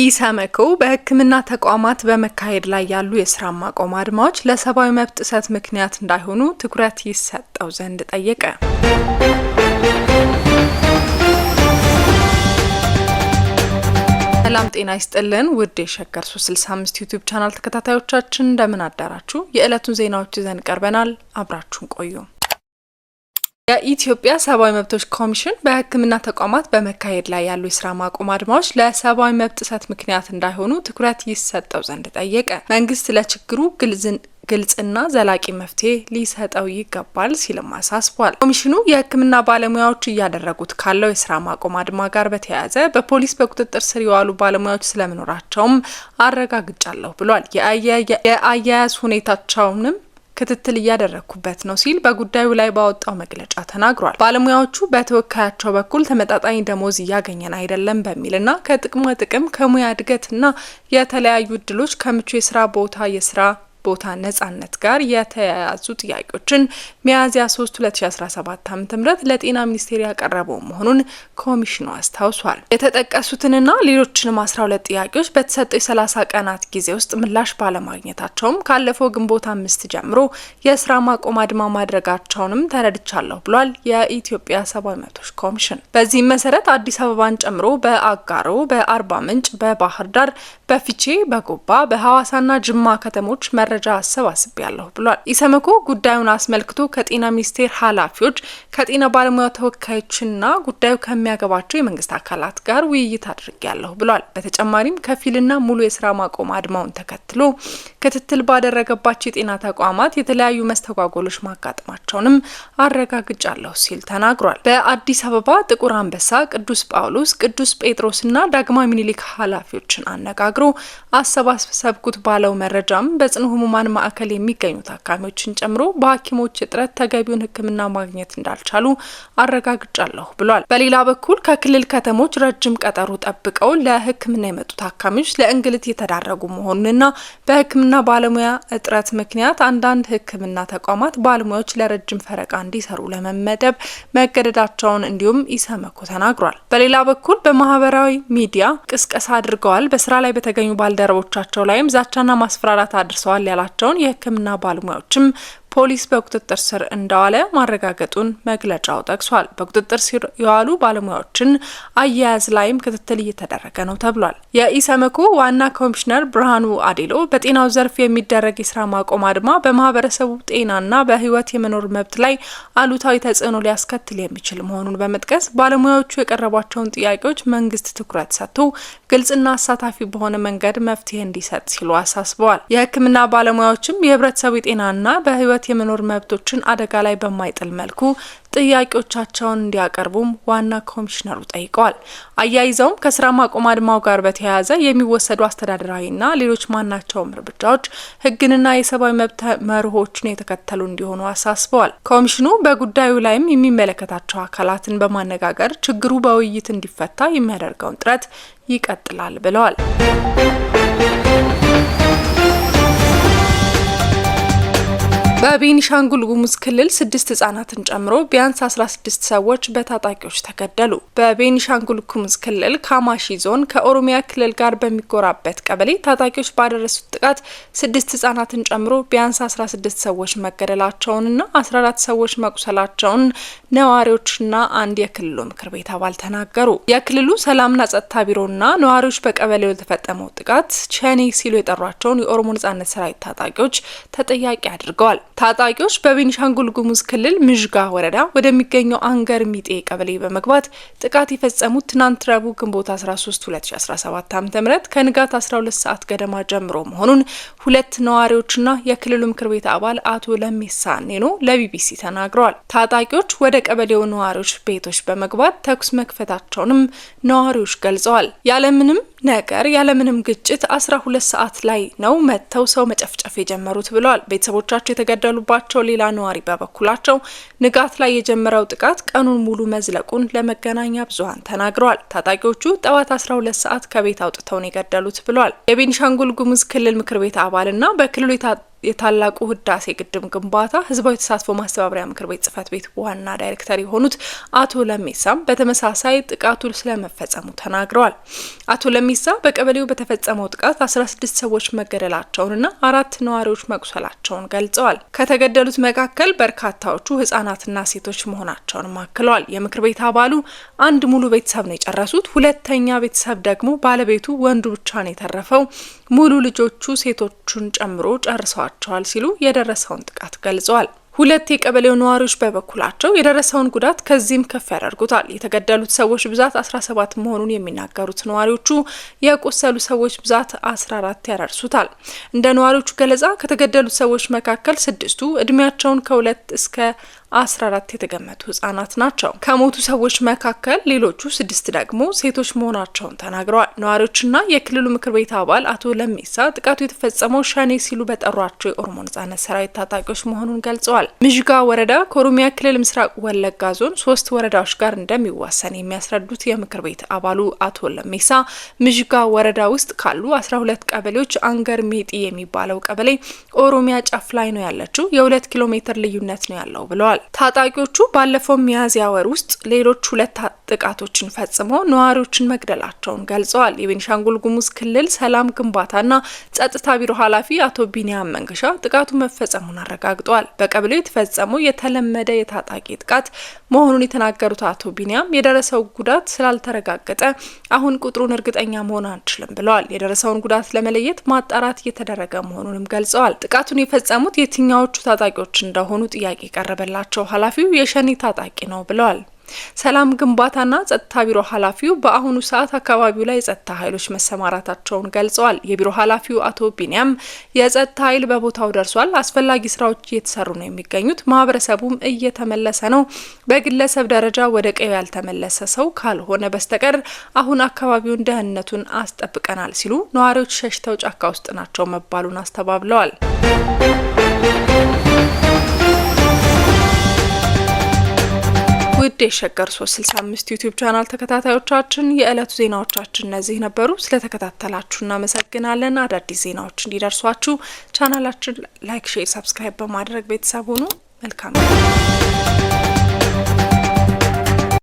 ኢሰመኮ በሕክምና ተቋማት በመካሄድ ላይ ያሉ የስራ ማቆም አድማዎች ለሰብአዊ መብት ጥሰት ምክንያት እንዳይሆኑ ትኩረት ይሰጠው ዘንድ ጠየቀ። ሰላም ጤና ይስጥልን ውድ የሸገር 365 ዩቲዩብ ቻናል ተከታታዮቻችን እንደምን አዳራችሁ። የዕለቱን ዜናዎች ይዘን ቀርበናል። አብራችሁን ቆዩ። የኢትዮጵያ ሰብአዊ መብቶች ኮሚሽን በሕክምና ተቋማት በመካሄድ ላይ ያሉ የስራ ማቆም አድማዎች ለሰብአዊ መብት ጥሰት ምክንያት እንዳይሆኑ ትኩረት ይሰጠው ዘንድ ጠየቀ። መንግስት ለችግሩ ግልጽን ግልጽና ዘላቂ መፍትሄ ሊሰጠው ይገባል ሲልም አሳስቧል። ኮሚሽኑ የህክምና ባለሙያዎች እያደረጉት ካለው የስራ ማቆም አድማ ጋር በተያያዘ በፖሊስ በቁጥጥር ስር የዋሉ ባለሙያዎች ስለመኖራቸውም አረጋግጫለሁ ብሏል። የአያያዝ ሁኔታቸውንም ክትትል እያደረግኩበት ነው ሲል በጉዳዩ ላይ ባወጣው መግለጫ ተናግሯል። ባለሙያዎቹ በተወካያቸው በኩል ተመጣጣኝ ደሞዝ እያገኘን አይደለም በሚል እና ከጥቅማ ጥቅም ከሙያ እድገትና የተለያዩ እድሎች ከምቹ የስራ ቦታ የስራ ቦታ ነጻነት ጋር የተያያዙ ጥያቄዎችን ሚያዝያ 3 2017 ዓ ም ለጤና ሚኒስቴር ያቀረበው መሆኑን ኮሚሽኑ አስታውሷል። የተጠቀሱትንና ሌሎችንም 12 ጥያቄዎች በተሰጠው የ30 ቀናት ጊዜ ውስጥ ምላሽ ባለማግኘታቸውም ካለፈው ግንቦት አምስት ጀምሮ የስራ ማቆም አድማ ማድረጋቸውንም ተረድቻለሁ ብሏል የኢትዮጵያ ሰብአዊ መብቶች ኮሚሽን። በዚህም መሰረት አዲስ አበባን ጨምሮ በአጋሮ፣ በአርባ ምንጭ፣ በባህር ዳር በፊቼ በጎባ በሐዋሳና ጅማ ከተሞች መረጃ አሰባስቤያለሁ ብሏል። ኢሰመኮ ጉዳዩን አስመልክቶ ከጤና ሚኒስቴር ኃላፊዎች ከጤና ባለሙያ ተወካዮችና ጉዳዩ ከሚያገባቸው የመንግስት አካላት ጋር ውይይት አድርጌያለሁ ብሏል። በተጨማሪም ከፊልና ሙሉ የስራ ማቆም አድማውን ተከትሎ ክትትል ባደረገባቸው የጤና ተቋማት የተለያዩ መስተጓጎሎች ማጋጠማቸውንም አረጋግጫለሁ ሲል ተናግሯል። በአዲስ አበባ ጥቁር አንበሳ፣ ቅዱስ ጳውሎስ፣ ቅዱስ ጴጥሮስና ዳግማዊ ምኒልክ ኃላፊዎችን አነጋግ ተናግሮ አሰባሰብኩት ባለው መረጃም በጽኑ ህሙማን ማዕከል የሚገኙ ታካሚዎችን ጨምሮ በሐኪሞች እጥረት ተገቢውን ሕክምና ማግኘት እንዳልቻሉ አረጋግጫለሁ ብሏል። በሌላ በኩል ከክልል ከተሞች ረጅም ቀጠሮ ጠብቀው ለሕክምና የመጡ ታካሚዎች ለእንግልት የተዳረጉ መሆኑንና በሕክምና ባለሙያ እጥረት ምክንያት አንዳንድ ሕክምና ተቋማት ባለሙያዎች ለረጅም ፈረቃ እንዲሰሩ ለመመደብ መገደዳቸውን እንዲሁም ኢሰመኮ ተናግሯል። በሌላ በኩል በማህበራዊ ሚዲያ ቅስቀሳ አድርገዋል፣ በስራ ላይ የተገኙ ባልደረቦቻቸው ላይም ዛቻና ማስፈራራት አድርሰዋል ያላቸውን የሕክምና ባለሙያዎችም ፖሊስ በቁጥጥር ስር እንደዋለ ማረጋገጡን መግለጫው ጠቅሷል። በቁጥጥር ስር የዋሉ ባለሙያዎችን አያያዝ ላይም ክትትል እየተደረገ ነው ተብሏል። የኢሰመኮ ዋና ኮሚሽነር ብርሃኑ አዴሎ በጤናው ዘርፍ የሚደረግ የስራ ማቆም አድማ በማህበረሰቡ ጤናና በህይወት የመኖር መብት ላይ አሉታዊ ተጽዕኖ ሊያስከትል የሚችል መሆኑን በመጥቀስ ባለሙያዎቹ የቀረቧቸውን ጥያቄዎች መንግስት ትኩረት ሰጥቶ ግልጽና አሳታፊ በሆነ መንገድ መፍትሄ እንዲሰጥ ሲሉ አሳስበዋል። የህክምና ባለሙያዎችም የህብረተሰቡ የጤናና በህይወት የመኖር መብቶችን አደጋ ላይ በማይጥል መልኩ ጥያቄዎቻቸውን እንዲያቀርቡም ዋና ኮሚሽነሩ ጠይቀዋል። አያይዘውም ከስራ ማቆም አድማው ጋር በተያያዘ የሚወሰዱ አስተዳደራዊና ሌሎች ማናቸውም እርምጃዎች ሕግንና የሰብአዊ መብት መርሆችን የተከተሉ እንዲሆኑ አሳስበዋል። ኮሚሽኑ በጉዳዩ ላይም የሚመለከታቸው አካላትን በማነጋገር ችግሩ በውይይት እንዲፈታ የሚያደርገውን ጥረት ይቀጥላል ብለዋል። በቤኒሻንጉል ጉሙዝ ክልል ስድስት ህጻናትን ጨምሮ ቢያንስ 16 ሰዎች በታጣቂዎች ተገደሉ። በቤኒሻንጉል ጉሙዝ ክልል ካማሺ ዞን ከኦሮሚያ ክልል ጋር በሚጎራበት ቀበሌ ታጣቂዎች ባደረሱት ጥቃት ስድስት ህጻናትን ጨምሮ ቢያንስ 16 ሰዎች መገደላቸውንና 14 ሰዎች መቁሰላቸውን ነዋሪዎችና አንድ የክልሉ ምክር ቤት አባል ተናገሩ። የክልሉ ሰላምና ጸጥታ ቢሮና ነዋሪዎች በቀበሌው ለተፈጸመው ጥቃት ቸኔ ሲሉ የጠሯቸውን የኦሮሞ ነጻነት ሰራዊት ታጣቂዎች ተጠያቂ አድርገዋል። ታጣቂዎች በቤኒሻንጉል ጉሙዝ ክልል ምዥጋ ወረዳ ወደሚገኘው አንገር ሚጤ ቀበሌ በመግባት ጥቃት የፈጸሙት ትናንት ረቡዕ ግንቦት 13 2017 ዓ.ም ከንጋት 12 ሰዓት ገደማ ጀምሮ መሆኑን ሁለት ነዋሪዎችና የክልሉ ምክር ቤት አባል አቶ ለሜሳ ኔኖ ለቢቢሲ ተናግረዋል። ታጣቂዎች ወደ ቀበሌው ነዋሪዎች ቤቶች በመግባት ተኩስ መክፈታቸውንም ነዋሪዎች ገልጸዋል። ያለምንም ነገር ያለምንም ግጭት አስራ ሁለት ሰዓት ላይ ነው መጥተው ሰው መጨፍጨፍ የጀመሩት ብለዋል። ቤተሰቦቻቸው የተገደሉባቸው ሌላ ነዋሪ በበኩላቸው ንጋት ላይ የጀመረው ጥቃት ቀኑን ሙሉ መዝለቁን ለመገናኛ ብዙኃን ተናግረዋል። ታጣቂዎቹ ጠዋት 12 ሰዓት ከቤት አውጥተውን የገደሉት ብለዋል። የቤኒሻንጉል ጉሙዝ ክልል ምክር ቤት አባልና በክልሉ የታላቁ ህዳሴ ግድብ ግንባታ ህዝባዊ ተሳትፎ ማስተባበሪያ ምክር ቤት ጽህፈት ቤት ዋና ዳይሬክተር የሆኑት አቶ ለሜሳም በተመሳሳይ ጥቃቱ ስለመፈጸሙ ተናግረዋል። አቶ ለሜሳ በቀበሌው በተፈጸመው ጥቃት 16 ሰዎች መገደላቸውንና አራት ነዋሪዎች መቁሰላቸውን ገልጸዋል። ከተገደሉት መካከል በርካታዎቹ ህጻናትና ሴቶች መሆናቸውን አክለዋል። የምክር ቤት አባሉ አንድ ሙሉ ቤተሰብ ነው የጨረሱት፣ ሁለተኛ ቤተሰብ ደግሞ ባለቤቱ ወንዱ ብቻ ነው የተረፈው ሙሉ ልጆቹ ሴቶቹን ጨምሮ ጨርሰዋቸዋል ሲሉ የደረሰውን ጥቃት ገልጸዋል። ሁለት የቀበሌው ነዋሪዎች በበኩላቸው የደረሰውን ጉዳት ከዚህም ከፍ ያደርጉታል። የተገደሉት ሰዎች ብዛት 17 መሆኑን የሚናገሩት ነዋሪዎቹ የቆሰሉ ሰዎች ብዛት 14 ያደርሱታል። እንደ ነዋሪዎቹ ገለጻ ከተገደሉት ሰዎች መካከል ስድስቱ እድሜያቸውን ከሁለት እስከ አስራ የተገመቱ ህጻናት ናቸው። ከሞቱ ሰዎች መካከል ሌሎቹ ስድስት ደግሞ ሴቶች መሆናቸውን ተናግረዋል። ነዋሪዎችና የክልሉ ምክር ቤት አባል አቶ ለሚሳ ጥቃቱ የተፈጸመው ሸኔ ሲሉ በጠሯቸው የኦሮሞ ነጻነት ሰራዊት ታጣቂዎች መሆኑን ገልጸዋል። ምዥጋ ወረዳ ከኦሮሚያ ክልል ምስራቅ ወለጋ ዞን ሶስት ወረዳዎች ጋር እንደሚዋሰን የሚያስረዱት የምክር ቤት አባሉ አቶ ለሚሳ ምዥጋ ወረዳ ውስጥ ካሉ አስራ ሁለት ቀበሌዎች አንገር ሜጢ የሚባለው ቀበሌ ኦሮሚያ ጫፍ ላይ ነው ያለችው፣ የሁለት ኪሎ ሜትር ልዩነት ነው ያለው ብለዋል። ተገልጿል። ታጣቂዎቹ ባለፈው ሚያዝያ ወር ውስጥ ሌሎች ሁለት ጥቃቶችን ፈጽመው ነዋሪዎችን መግደላቸውን ገልጸዋል። የቤኒሻንጉል ጉሙዝ ክልል ሰላም ግንባታና ጸጥታ ቢሮ ኃላፊ አቶ ቢኒያም መንገሻ ጥቃቱ መፈጸሙን አረጋግጠዋል። በቀበሌው የተፈጸመው የተለመደ የታጣቂ ጥቃት መሆኑን የተናገሩት አቶ ቢኒያም የደረሰው ጉዳት ስላልተረጋገጠ አሁን ቁጥሩን እርግጠኛ መሆን አንችልም ብለዋል። የደረሰውን ጉዳት ለመለየት ማጣራት እየተደረገ መሆኑንም ገልጸዋል። ጥቃቱን የፈጸሙት የትኛዎቹ ታጣቂዎች እንደሆኑ ጥያቄ ቀረበላቸው የገለጿቸው ኃላፊው የሸኔ ታጣቂ ነው ብለዋል። ሰላም ግንባታና ጸጥታ ቢሮ ኃላፊው በአሁኑ ሰዓት አካባቢው ላይ የጸጥታ ኃይሎች መሰማራታቸውን ገልጸዋል። የቢሮ ኃላፊው አቶ ቢኒያም የጸጥታ ኃይል በቦታው ደርሷል፣ አስፈላጊ ስራዎች እየተሰሩ ነው የሚገኙት፣ ማህበረሰቡም እየተመለሰ ነው። በግለሰብ ደረጃ ወደ ቀዩ ያልተመለሰ ሰው ካልሆነ በስተቀር አሁን አካባቢውን ደህንነቱን አስጠብቀናል ሲሉ ነዋሪዎች ሸሽተው ጫካ ውስጥ ናቸው መባሉን አስተባብለዋል። ውድ የሸገር 365 ዩቲዩብ ቻናል ተከታታዮቻችን የዕለቱ ዜናዎቻችን እነዚህ ነበሩ። ስለተከታተላችሁ እናመሰግናለን። አዳዲስ ዜናዎች እንዲደርሷችሁ ቻናላችን ላይክ፣ ሼር፣ ሰብስክራይብ በማድረግ ቤተሰብ ሁኑ። መልካም